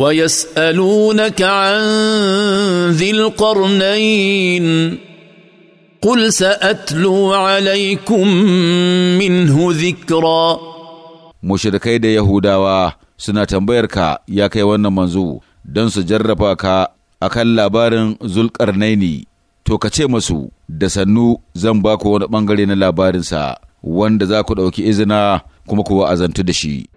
ويسالونك عن ذي القرنين قل ساتلو عليكم منه ذكرا mushirikai da Yahudawa suna tambayarka ya kai wannan manzo don su jarrafa ka a kan labarin zulƙarnaini, to ka ce masu da sannu zan ba ku wani ɓangare na labarinsa wanda za ku ɗauki izina kuma ku wa'azantu da shi.